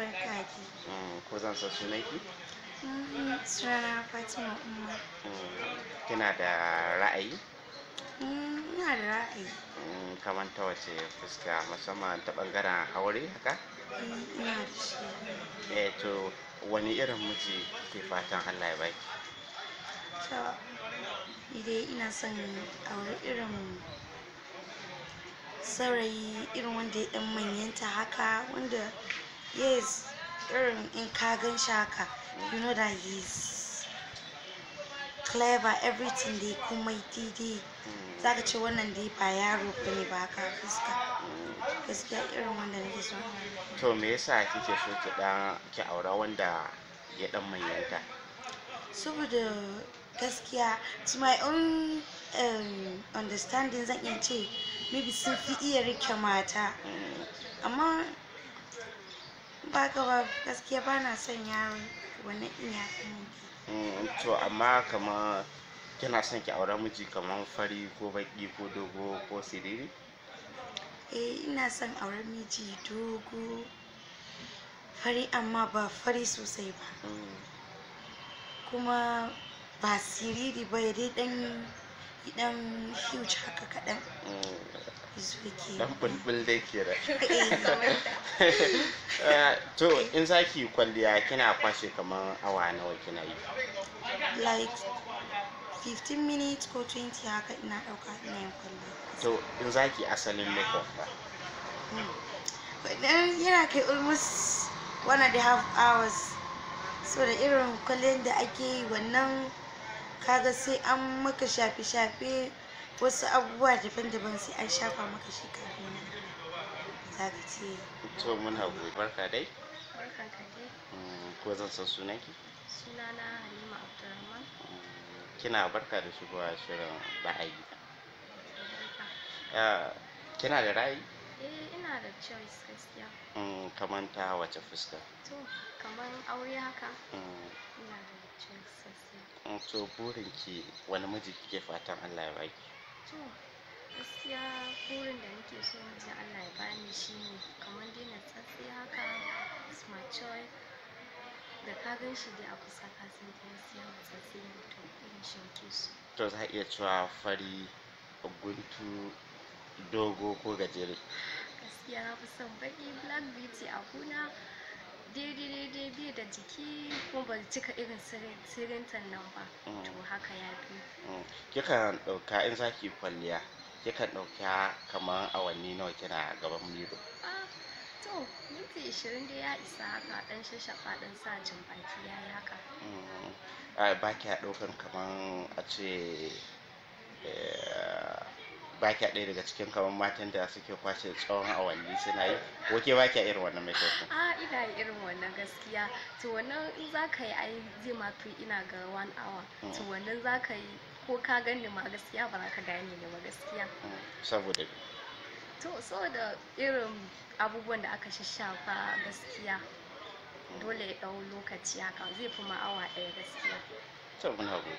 Mm, ko zan san sunanki? Mm, sunana Fatima Umma. Mm, kina da ra'ayi? Ina da ra'ayi. Kamar ta wace fuska musamman ta bangaren aure haka? Ina da shi. Eh to wani irin miji ke fatan Allah ya baki? To, idai ina son aure irin saurayi irin wanda ya dan manyanta haka wanda yes irin in ka gan shaka you know that he's clever everything dai komai daidai zaka ce wannan dai ba yaro bane ba ka fuska gaskiya irin wanda nake so to me yasa kike so ki aura wanda ya dan manyanta saboda gaskiya to my own um, understanding zan iya ce maybe sun fi iya rike mata mm. amma ba gaba ba gaskiya ba na son yaron wannan iyakar mm, to amma kina son ki aure miji kamar fari ko baki ko dogo ko siriri eh ina son aure miji dogo fari amma ba fari sosai ba mm. kuma ba siriri ba ya dai dan huge haka kaɗan mm. dan bulbul eh, eh, to in zaki kwalliya kina kwashe kamar awa nawa kina yi like 15 minutes ko 20 haka ina dauka ina yin kwalliya to in zaki asalin makeup ba hmm. yana kai almost one and a half hours so da irin kwalliyar da ake yi wannan kaga sai an maka shafe-shafe wasu abubuwa daban-daban sai an shafa maka shi kafin nan za ka ce to mun haƙuri barka dai barka ka dai mm, ko zan san sunanki sunana halima abdulrahman mm, kina barka da shigowa shirin ra'ayi kina da ra'ayi eh ina da choice gaskiya mm, kamar ta wace fuska to kamar aure haka ina da choice gaskiya to burinki wani miji kike fatan Allah ya baki to gaskiya burin da nake so mutum Allah ya bani shine kamar dai natsatse haka smart da ka gan shi dai a kusa ka san ta gaskiya natsatse ne to irin shan nake to za iya cewa fari guntu dogo ko gajere gaskiya na fi son baki black beauty a kuna daidai da jiki kuma ba cika irin sirinta nan ba to mm. haka ya fi mm. kikan ɗauka in za ki kwalliya kikan ɗauka kamar awanni nawa kina gaban miro ah, to minti ishirin da ya isa haka ɗan shashafa faɗin sa jin baki ya yi haka mm. baki a ɗaukan kamar a ce eh, ba kya ɗaya daga cikin kamar matan da suke kwashe tsawon awanni suna yi ko ke ba kya irin wannan mai kyau a ina yi irin wannan gaskiya to wannan in za ka yi ai zai ma fi ina ga one hour mm. to wannan za ka yi ko ka gani ma gaskiya ba za ka gane ne ba gaskiya mm. saboda to saboda irin abubuwan da aka shafa gaskiya mm. dole ya ɗau lokaci haka zai fi ma awa ɗaya gaskiya